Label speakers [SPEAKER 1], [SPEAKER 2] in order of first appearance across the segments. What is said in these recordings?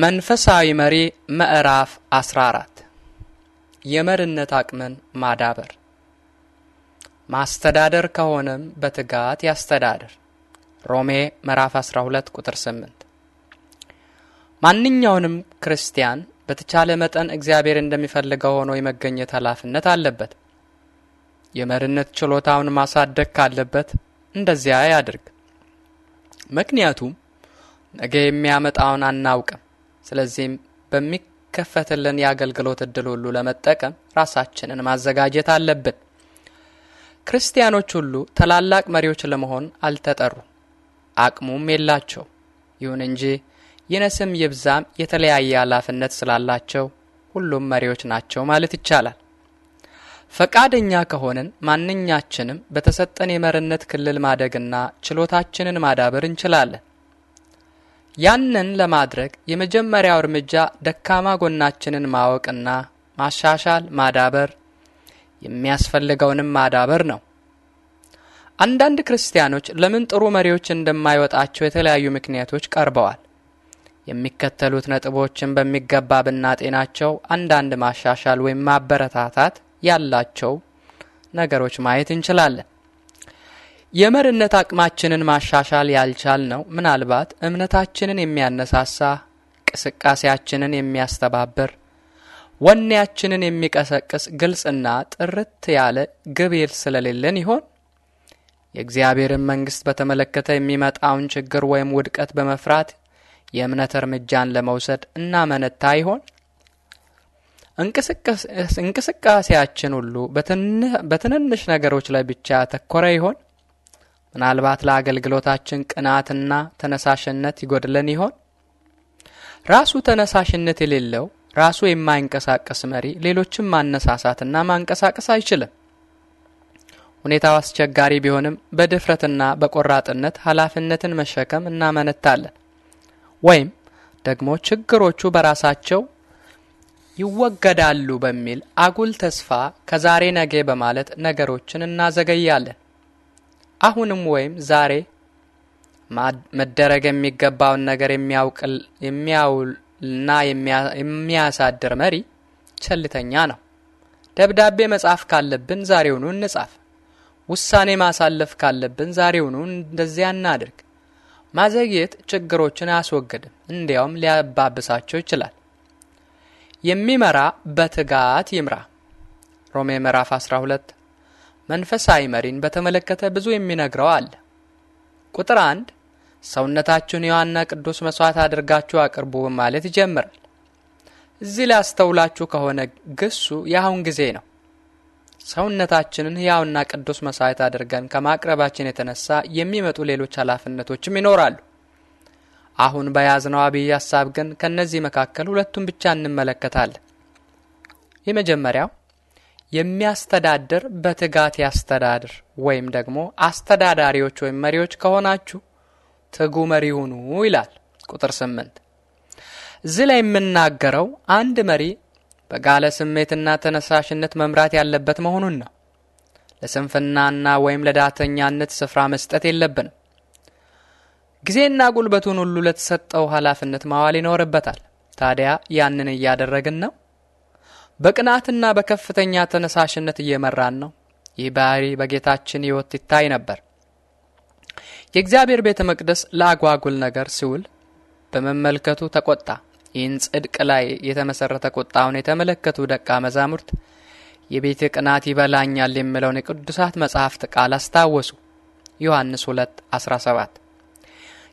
[SPEAKER 1] መንፈሳዊ መሪ ምዕራፍ 14 የመሪነት አቅምን ማዳበር። ማስተዳደር ከሆነም በትጋት ያስተዳድር። ሮሜ ምዕራፍ 12 ቁጥር 8። ማንኛውንም ክርስቲያን በተቻለ መጠን እግዚአብሔር እንደሚፈልገው ሆኖ የመገኘት ኃላፊነት አለበት። የመሪነት ችሎታውን ማሳደግ ካለበት እንደዚያ ያድርግ። ምክንያቱም ነገ የሚያመጣውን አናውቅም። ስለዚህም በሚከፈትልን የአገልግሎት እድል ሁሉ ለመጠቀም ራሳችንን ማዘጋጀት አለብን። ክርስቲያኖች ሁሉ ታላላቅ መሪዎች ለመሆን አልተጠሩ፣ አቅሙም የላቸው። ይሁን እንጂ ይነስም ይብዛም የተለያየ ኃላፊነት ስላላቸው ሁሉም መሪዎች ናቸው ማለት ይቻላል። ፈቃደኛ ከሆንን ማንኛችንም በተሰጠን የመርነት ክልል ማደግና ችሎታችንን ማዳበር እንችላለን። ያንን ለማድረግ የመጀመሪያው እርምጃ ደካማ ጎናችንን ማወቅና ማሻሻል ማዳበር የሚያስፈልገውንም ማዳበር ነው። አንዳንድ ክርስቲያኖች ለምን ጥሩ መሪዎች እንደማይወጣቸው የተለያዩ ምክንያቶች ቀርበዋል። የሚከተሉት ነጥቦችን በሚገባ ብናጤናቸው አንዳንድ ማሻሻል ወይም ማበረታታት ያላቸው ነገሮች ማየት እንችላለን። የመርነት አቅማችንን ማሻሻል ያልቻል ነው ምናልባት እምነታችንን የሚያነሳሳ እንቅስቃሴያችንን የሚያስተባብር ወኔያችንን የሚቀሰቅስ ግልጽና ጥርት ያለ ግብ ስለሌለን ይሆን? የእግዚአብሔርን መንግሥት በተመለከተ የሚመጣውን ችግር ወይም ውድቀት በመፍራት የእምነት እርምጃን ለመውሰድ እናመነታ ይሆን? እንቅስቃሴያችን ሁሉ በትንንሽ ነገሮች ላይ ብቻ ያተኮረ ይሆን? ምናልባት ለአገልግሎታችን ቅናትና ተነሳሽነት ይጎድለን ይሆን? ራሱ ተነሳሽነት የሌለው ራሱ የማይንቀሳቀስ መሪ ሌሎችን ማነሳሳትና ማንቀሳቀስ አይችልም። ሁኔታው አስቸጋሪ ቢሆንም በድፍረትና በቆራጥነት ኃላፊነትን መሸከም እናመነታለን። ወይም ደግሞ ችግሮቹ በራሳቸው ይወገዳሉ በሚል አጉል ተስፋ ከዛሬ ነገ በማለት ነገሮችን እናዘገያለን። አሁንም ወይም ዛሬ መደረግ የሚገባውን ነገር የሚያውልና የሚያሳድር መሪ ቸልተኛ ነው። ደብዳቤ መጻፍ ካለብን ዛሬውኑ እንጻፍ። ውሳኔ ማሳለፍ ካለብን ዛሬውኑ እንደዚያ እናድርግ። ማዘግየት ችግሮችን አያስወግድም፣ እንዲያውም ሊያባብሳቸው ይችላል። የሚመራ በትጋት ይምራ። ሮሜ ምዕራፍ 12 መንፈሳዊ መሪን በተመለከተ ብዙ የሚነግረው አለ። ቁጥር አንድ ሰውነታችሁን የዋና ቅዱስ መስዋዕት አድርጋችሁ አቅርቡ ማለት ይጀምራል። እዚህ ላይ አስተውላችሁ ከሆነ ግሱ የአሁን ጊዜ ነው። ሰውነታችንን ሕያውና ቅዱስ መስዋዕት አድርገን ከማቅረባችን የተነሳ የሚመጡ ሌሎች ኃላፊነቶችም ይኖራሉ። አሁን በያዝነው አብይ ሀሳብ ግን ከእነዚህ መካከል ሁለቱን ብቻ እንመለከታለን። የመጀመሪያው የሚያስተዳድር በትጋት ያስተዳድር ወይም ደግሞ አስተዳዳሪዎች ወይም መሪዎች ከሆናችሁ ትጉ መሪ ሁኑ ይላል። ቁጥር ስምንት እዚህ ላይ የምናገረው አንድ መሪ በጋለ ስሜትና ተነሳሽነት መምራት ያለበት መሆኑን ነው። ለስንፍናና ወይም ለዳተኛነት ስፍራ መስጠት የለብንም። ጊዜና ጉልበቱን ሁሉ ለተሰጠው ኃላፊነት ማዋል ይኖርበታል። ታዲያ ያንን እያደረግን ነው። በቅናትና በከፍተኛ ተነሳሽነት እየመራን ነው። ይህ ባህሪ በጌታችን ሕይወት ይታይ ነበር። የእግዚአብሔር ቤተ መቅደስ ለአጓጉል ነገር ሲውል በመመልከቱ ተቆጣ። ይህን ጽድቅ ላይ የተመሠረተ ቁጣውን የተመለከቱ ደቀ መዛሙርት የቤት ቅናት ይበላኛል የሚለውን የቅዱሳት መጻሕፍት ቃል አስታወሱ። ዮሐንስ 2 17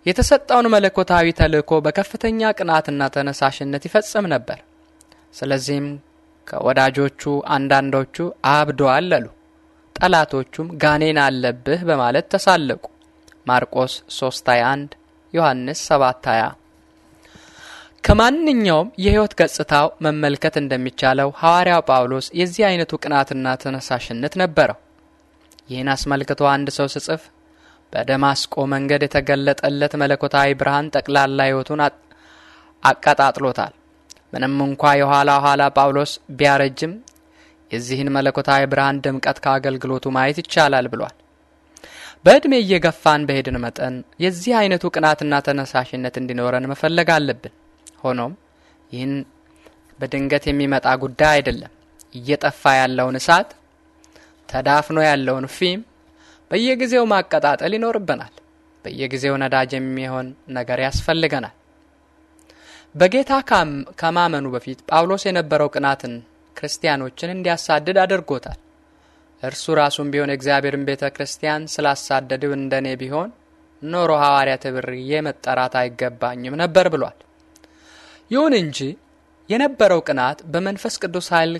[SPEAKER 1] የተሰጠውን መለኮታዊ ተልእኮ በከፍተኛ ቅናትና ተነሳሽነት ይፈጽም ነበር። ስለዚህም ከወዳጆቹ አንዳንዶቹ አብደዋል አሉ። ጠላቶቹም ጋኔን አለብህ በማለት ተሳለቁ። ማርቆስ 3:21 ዮሐንስ 7:20 ከማንኛውም የሕይወት ገጽታው መመልከት እንደሚቻለው ሐዋርያው ጳውሎስ የዚህ አይነቱ ቅናትና ተነሳሽነት ነበረው። ይህን አስመልክቶ አንድ ሰው ስጽፍ በደማስቆ መንገድ የተገለጠለት መለኮታዊ ብርሃን ጠቅላላ ሕይወቱን አቀጣጥሎታል። ምንም እንኳ የኋላ ኋላ ጳውሎስ ቢያረጅም የዚህን መለኮታዊ ብርሃን ድምቀት ከአገልግሎቱ ማየት ይቻላል ብሏል። በዕድሜ እየገፋን በሄድን መጠን የዚህ አይነቱ ቅናትና ተነሳሽነት እንዲኖረን መፈለግ አለብን። ሆኖም ይህን በድንገት የሚመጣ ጉዳይ አይደለም። እየጠፋ ያለውን እሳት፣ ተዳፍኖ ያለውን ፊም በየጊዜው ማቀጣጠል ይኖርብናል። በየጊዜው ነዳጅ የሚሆን ነገር ያስፈልገናል። በጌታ ከማመኑ በፊት ጳውሎስ የነበረው ቅናትን ክርስቲያኖችን እንዲያሳድድ አድርጎታል። እርሱ ራሱም ቢሆን የእግዚአብሔርን ቤተ ክርስቲያን ስላሳደድው እንደኔ ቢሆን ኖሮ ሐዋርያ ተብርዬ መጠራት አይገባኝም ነበር ብሏል። ይሁን እንጂ የነበረው ቅናት በመንፈስ ቅዱስ ኃይል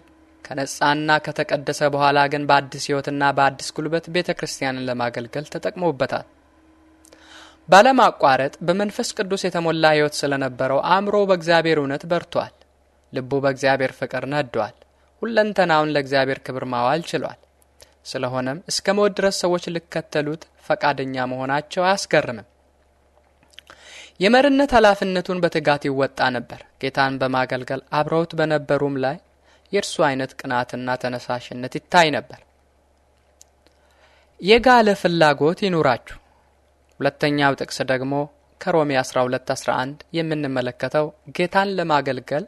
[SPEAKER 1] ከነጻና ከተቀደሰ በኋላ ግን በአዲስ ሕይወትና በአዲስ ጉልበት ቤተ ክርስቲያንን ለማገልገል ተጠቅሞበታል። ባለማቋረጥ በመንፈስ ቅዱስ የተሞላ ሕይወት ስለነበረው አእምሮ በእግዚአብሔር እውነት በርቷል። ልቡ በእግዚአብሔር ፍቅር ነዷል። ሁለንተናውን ለእግዚአብሔር ክብር ማዋል ችሏል። ስለሆነም እስከ ሞት ድረስ ሰዎች ሊከተሉት ፈቃደኛ መሆናቸው አያስገርምም። የመሪነት ኃላፊነቱን በትጋት ይወጣ ነበር። ጌታን በማገልገል አብረውት በነበሩም ላይ የእርሱ አይነት ቅናትና ተነሳሽነት ይታይ ነበር። የጋለ ፍላጎት ይኑራችሁ። ሁለተኛው ጥቅስ ደግሞ ከሮሜ 12 11 የምንመለከተው ጌታን ለማገልገል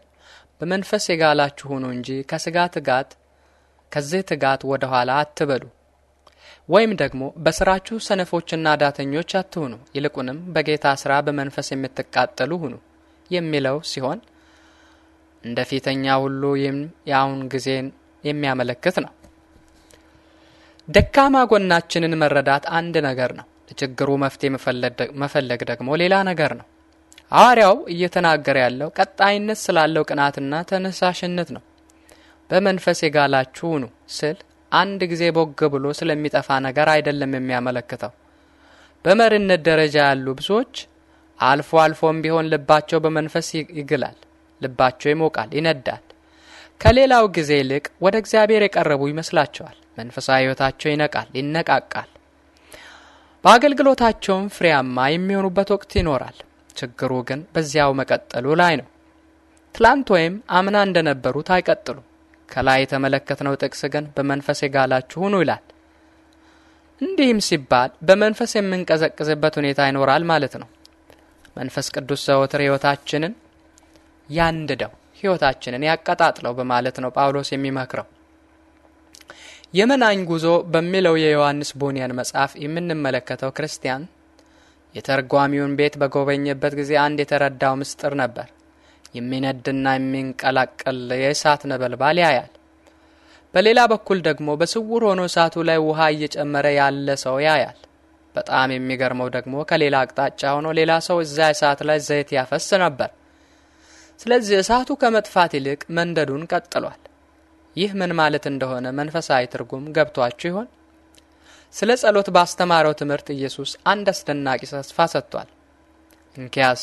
[SPEAKER 1] በመንፈስ የጋላችሁ ሁኑ እንጂ ከስጋ ትጋት ከዚህ ትጋት ወደ ኋላ አትበሉ። ወይም ደግሞ በስራችሁ ሰነፎችና ዳተኞች አትሁኑ፣ ይልቁንም በጌታ ስራ በመንፈስ የምትቃጠሉ ሁኑ የሚለው ሲሆን እንደ ፊተኛ ሁሉ ይህም የአሁን ጊዜን የሚያመለክት ነው። ደካማ ጎናችንን መረዳት አንድ ነገር ነው። ለችግሩ መፍትሄ መፈለግ ደግሞ ሌላ ነገር ነው። ሐዋርያው እየተናገረ ያለው ቀጣይነት ስላለው ቅናትና ተነሳሽነት ነው። በመንፈስ የጋላችሁ ሁኑ ስል አንድ ጊዜ ቦግ ብሎ ስለሚጠፋ ነገር አይደለም የሚያመለክተው። በመሪነት ደረጃ ያሉ ብዙዎች አልፎ አልፎም ቢሆን ልባቸው በመንፈስ ይግላል፣ ልባቸው ይሞቃል፣ ይነዳል። ከሌላው ጊዜ ይልቅ ወደ እግዚአብሔር የቀረቡ ይመስላቸዋል። መንፈሳዊ ሕይወታቸው ይነቃል፣ ይነቃቃል። በአገልግሎታቸውም ፍሬያማ የሚሆኑበት ወቅት ይኖራል። ችግሩ ግን በዚያው መቀጠሉ ላይ ነው። ትላንት ወይም አምና እንደነበሩት አይቀጥሉ። ከላይ የተመለከትነው ጥቅስ ግን በመንፈስ የጋላችሁ ሁኑ ይላል። እንዲህም ሲባል በመንፈስ የምንቀዘቅዝበት ሁኔታ ይኖራል ማለት ነው። መንፈስ ቅዱስ ዘወትር ሕይወታችንን ያንድደው፣ ሕይወታችንን ያቀጣጥለው በማለት ነው ጳውሎስ የሚመክረው። የመናኝ ጉዞ በሚለው የዮሐንስ ቡንያን መጽሐፍ የምንመለከተው ክርስቲያን የተርጓሚውን ቤት በጎበኘበት ጊዜ አንድ የተረዳው ምስጢር ነበር። የሚነድና የሚንቀላቀል የእሳት ነበልባል ያያል። በሌላ በኩል ደግሞ በስውር ሆኖ እሳቱ ላይ ውሃ እየጨመረ ያለ ሰው ያያል። በጣም የሚገርመው ደግሞ ከሌላ አቅጣጫ ሆኖ ሌላ ሰው እዚያ እሳት ላይ ዘይት ያፈስ ነበር። ስለዚህ እሳቱ ከመጥፋት ይልቅ መንደዱን ቀጥሏል። ይህ ምን ማለት እንደሆነ መንፈሳዊ ትርጉም ገብቷችሁ ይሆን? ስለ ጸሎት ባስተማረው ትምህርት ኢየሱስ አንድ አስደናቂ ተስፋ ሰጥቷል። እንኪያስ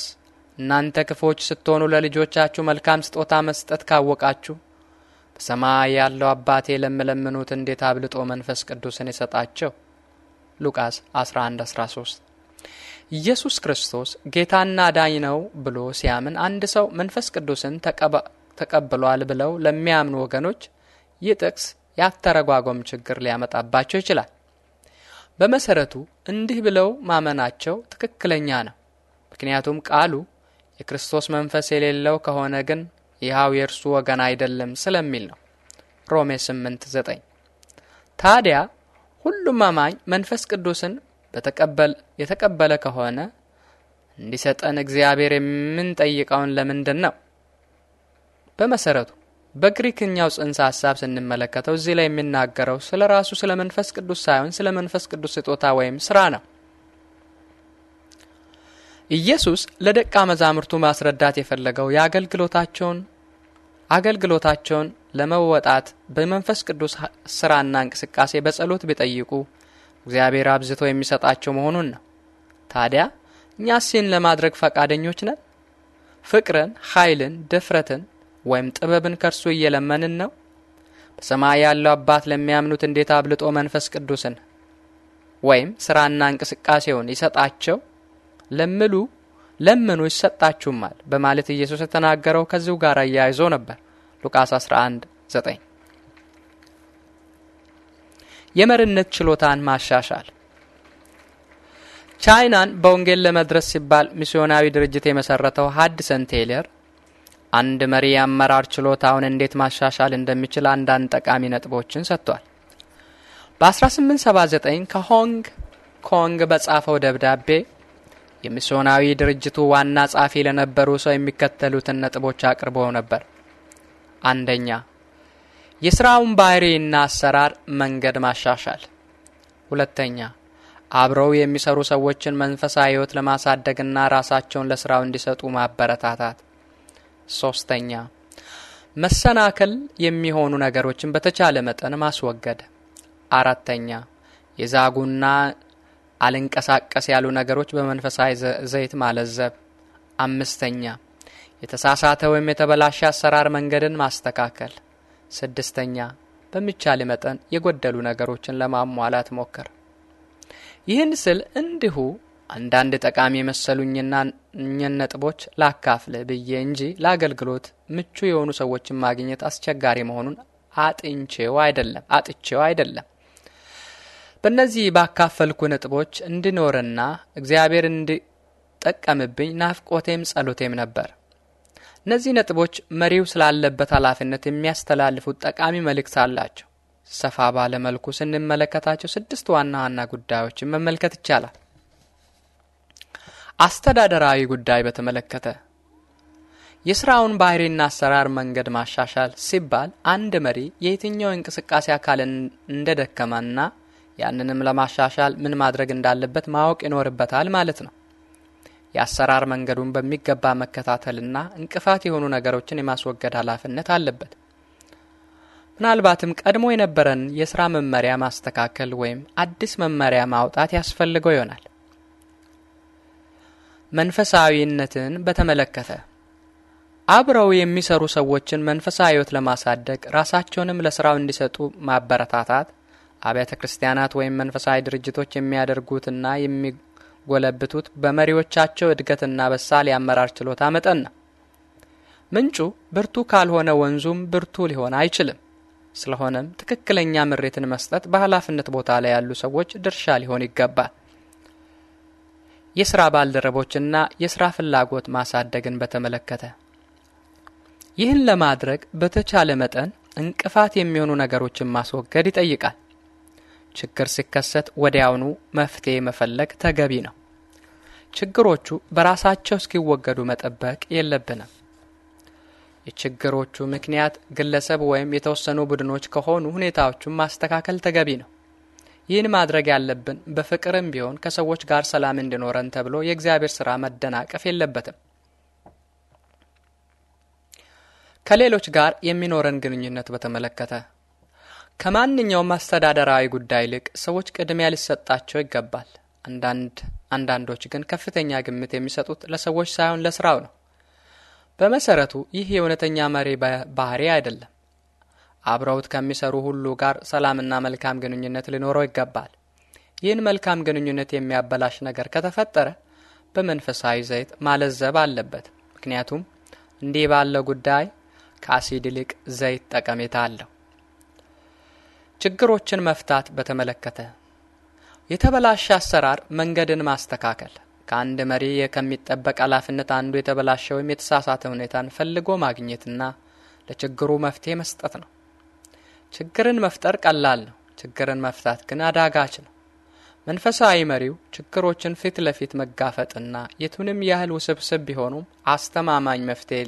[SPEAKER 1] እናንተ ክፎች ስትሆኑ ለልጆቻችሁ መልካም ስጦታ መስጠት ካወቃችሁ በሰማይ ያለው አባቴ ለሚለምኑት እንዴት አብልጦ መንፈስ ቅዱስን የሰጣቸው። ሉቃስ 11:13 ኢየሱስ ክርስቶስ ጌታና አዳኝ ነው ብሎ ሲያምን አንድ ሰው መንፈስ ቅዱስን ተቀብሏል ብለው ለሚያምኑ ወገኖች ይህ ጥቅስ የአተረጓጎም ችግር ሊያመጣባቸው ይችላል። በመሰረቱ እንዲህ ብለው ማመናቸው ትክክለኛ ነው። ምክንያቱም ቃሉ የክርስቶስ መንፈስ የሌለው ከሆነ ግን ይኸው የእርሱ ወገን አይደለም ስለሚል ነው። ሮሜ 8 9 ታዲያ ሁሉም አማኝ መንፈስ ቅዱስን የተቀበለ ከሆነ እንዲሰጠን እግዚአብሔር የምንጠይቀውን ለምንድን ነው? በመሰረቱ በግሪክኛው ጽንሰ ሐሳብ ስንመለከተው እዚህ ላይ የሚናገረው ስለ ራሱ ስለ መንፈስ ቅዱስ ሳይሆን ስለ መንፈስ ቅዱስ ስጦታ ወይም ስራ ነው። ኢየሱስ ለደቀ መዛሙርቱ ማስረዳት የፈለገው የአገልግሎታቸውን አገልግሎታቸውን ለመወጣት በመንፈስ ቅዱስ ስራና እንቅስቃሴ በጸሎት ቢጠይቁ እግዚአብሔር አብዝቶ የሚሰጣቸው መሆኑን ነው። ታዲያ እኛ ሲን ለማድረግ ፈቃደኞች ነን? ፍቅርን፣ ኃይልን፣ ድፍረትን ወይም ጥበብን ከርሱ እየለመንን ነው? በሰማይ ያለው አባት ለሚያምኑት እንዴት አብልጦ መንፈስ ቅዱስን ወይም ስራና እንቅስቃሴውን ይሰጣቸው ለምሉ ለምኑ ይሰጣችሁማል በማለት ኢየሱስ የተናገረው ከዚሁ ጋር አያይዞ ነበር። ሉቃስ 11 9 የመሪነት ችሎታን ማሻሻል ቻይናን በወንጌል ለመድረስ ሲባል ሚስዮናዊ ድርጅት የመሰረተው ሀድሰን ቴይለር አንድ መሪ የአመራር ችሎታውን እንዴት ማሻሻል እንደሚችል አንዳንድ ጠቃሚ ነጥቦችን ሰጥቷል። በ1879 ከሆንግ ኮንግ በጻፈው ደብዳቤ የሚስዮናዊ ድርጅቱ ዋና ጻፊ ለነበሩ ሰው የሚከተሉትን ነጥቦች አቅርቦ ነበር። አንደኛ የስራውን ባህሪና አሰራር መንገድ ማሻሻል፣ ሁለተኛ አብረው የሚሰሩ ሰዎችን መንፈሳዊ ሕይወት ለማሳደግና ራሳቸውን ለስራው እንዲሰጡ ማበረታታት ሶስተኛ መሰናክል የሚሆኑ ነገሮችን በተቻለ መጠን ማስወገድ። አራተኛ የዛጉና አልንቀሳቀስ ያሉ ነገሮች በመንፈሳዊ ዘይት ማለዘብ። አምስተኛ የተሳሳተ ወይም የተበላሸ አሰራር መንገድን ማስተካከል። ስድስተኛ በሚቻል መጠን የጎደሉ ነገሮችን ለማሟላት ሞከር ይህን ስል እንዲሁ አንዳንድ ጠቃሚ የመሰሉኝና እኝን ነጥቦች ላካፍልህ ብዬ እንጂ ለአገልግሎት ምቹ የሆኑ ሰዎችን ማግኘት አስቸጋሪ መሆኑን አጥንቼው አይደለም አጥቼው አይደለም። በእነዚህ ባካፈልኩ ነጥቦች እንድኖርና እግዚአብሔር እንዲጠቀምብኝ ናፍቆቴም ጸሎቴም ነበር። እነዚህ ነጥቦች መሪው ስላለበት ኃላፊነት የሚያስተላልፉት ጠቃሚ መልእክት አላቸው። ሰፋ ባለ መልኩ ስንመለከታቸው ስድስት ዋና ዋና ጉዳዮችን መመልከት ይቻላል። አስተዳደራዊ ጉዳይ በተመለከተ የስራውን ባህሪና አሰራር መንገድ ማሻሻል ሲባል አንድ መሪ የየትኛው እንቅስቃሴ አካል እንደደከመና ያንንም ለማሻሻል ምን ማድረግ እንዳለበት ማወቅ ይኖርበታል ማለት ነው። የአሰራር መንገዱን በሚገባ መከታተልና እንቅፋት የሆኑ ነገሮችን የማስወገድ ኃላፊነት አለበት። ምናልባትም ቀድሞ የነበረን የስራ መመሪያ ማስተካከል ወይም አዲስ መመሪያ ማውጣት ያስፈልገው ይሆናል። መንፈሳዊነትን በተመለከተ አብረው የሚሰሩ ሰዎችን መንፈሳዊ ሕይወት ለማሳደግ ራሳቸውንም ለስራው እንዲሰጡ ማበረታታት አብያተ ክርስቲያናት ወይም መንፈሳዊ ድርጅቶች የሚያደርጉትና የሚጎለብቱት በመሪዎቻቸው እድገትና በሳል የአመራር ችሎታ መጠን ነው። ምንጩ ብርቱ ካልሆነ ወንዙም ብርቱ ሊሆን አይችልም። ስለሆነም ትክክለኛ ምሬትን መስጠት በኃላፊነት ቦታ ላይ ያሉ ሰዎች ድርሻ ሊሆን ይገባል። የሥራ ባልደረቦችና የሥራ ፍላጎት ማሳደግን በተመለከተ ይህን ለማድረግ በተቻለ መጠን እንቅፋት የሚሆኑ ነገሮችን ማስወገድ ይጠይቃል። ችግር ሲከሰት ወዲያውኑ መፍትሄ መፈለግ ተገቢ ነው። ችግሮቹ በራሳቸው እስኪወገዱ መጠበቅ የለብንም። የችግሮቹ ምክንያት ግለሰብ ወይም የተወሰኑ ቡድኖች ከሆኑ ሁኔታዎቹን ማስተካከል ተገቢ ነው። ይህን ማድረግ ያለብን በፍቅርም ቢሆን ከሰዎች ጋር ሰላም እንዲኖረን ተብሎ የእግዚአብሔር ሥራ መደናቀፍ የለበትም። ከሌሎች ጋር የሚኖረን ግንኙነት በተመለከተ ከማንኛውም አስተዳደራዊ ጉዳይ ይልቅ ሰዎች ቅድሚያ ሊሰጣቸው ይገባል። አንዳንድ አንዳንዶች ግን ከፍተኛ ግምት የሚሰጡት ለሰዎች ሳይሆን ለስራው ነው። በመሰረቱ ይህ የእውነተኛ መሪ ባህሪ አይደለም። አብረውት ከሚሰሩ ሁሉ ጋር ሰላምና መልካም ግንኙነት ሊኖረው ይገባል። ይህን መልካም ግንኙነት የሚያበላሽ ነገር ከተፈጠረ በመንፈሳዊ ዘይት ማለዘብ አለበት። ምክንያቱም እንዲህ ባለ ጉዳይ ከአሲድ ይልቅ ዘይት ጠቀሜታ አለው። ችግሮችን መፍታት በተመለከተ የተበላሸ አሰራር መንገድን ማስተካከል ከአንድ መሪ ከሚጠበቅ ኃላፊነት አንዱ የተበላሸ ወይም የተሳሳተ ሁኔታን ፈልጎ ማግኘትና ለችግሩ መፍትሄ መስጠት ነው። ችግርን መፍጠር ቀላል ነው፣ ችግርን መፍታት ግን አዳጋች ነው። መንፈሳዊ መሪው ችግሮችን ፊት ለፊት መጋፈጥና የቱንም ያህል ውስብስብ ቢሆኑም አስተማማኝ መፍትሄ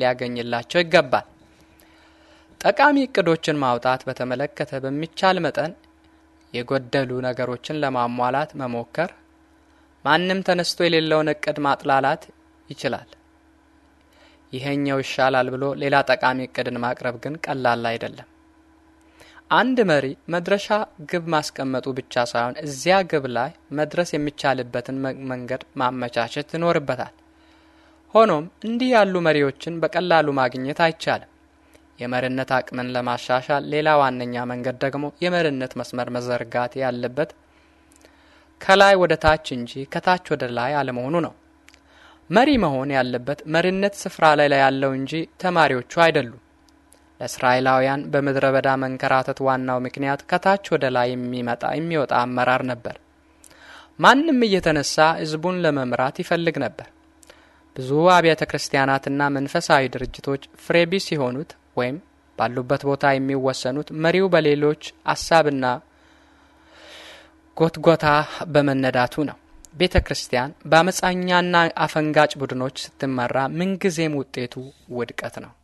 [SPEAKER 1] ሊያገኝላቸው ይገባል። ጠቃሚ እቅዶችን ማውጣት በተመለከተ በሚቻል መጠን የጎደሉ ነገሮችን ለማሟላት መሞከር፣ ማንም ተነስቶ የሌለውን እቅድ ማጥላላት ይችላል። ይሄኛው ይሻላል ብሎ ሌላ ጠቃሚ እቅድን ማቅረብ ግን ቀላል አይደለም። አንድ መሪ መድረሻ ግብ ማስቀመጡ ብቻ ሳይሆን እዚያ ግብ ላይ መድረስ የሚቻልበትን መንገድ ማመቻቸት ይኖርበታል። ሆኖም እንዲህ ያሉ መሪዎችን በቀላሉ ማግኘት አይቻልም። የመሪነት አቅምን ለማሻሻል ሌላ ዋነኛ መንገድ ደግሞ የመሪነት መስመር መዘርጋት ያለበት ከላይ ወደ ታች እንጂ ከታች ወደ ላይ አለመሆኑ ነው። መሪ መሆን ያለበት መሪነት ስፍራ ላይ ያለው እንጂ ተማሪዎቹ አይደሉም። ለእስራኤላውያን በምድረ በዳ መንከራተት ዋናው ምክንያት ከታች ወደ ላይ የሚመጣ የሚወጣ አመራር ነበር። ማንም እየተነሳ ሕዝቡን ለመምራት ይፈልግ ነበር። ብዙ አብያተ ክርስቲያናትና መንፈሳዊ ድርጅቶች ፍሬቢስ የሆኑት ወይም ባሉበት ቦታ የሚወሰኑት መሪው በሌሎች አሳብና ጎትጎታ በመነዳቱ ነው። ቤተ ክርስቲያን በአመፃኛና አፈንጋጭ ቡድኖች ስትመራ ምንጊዜም ውጤቱ ውድቀት ነው።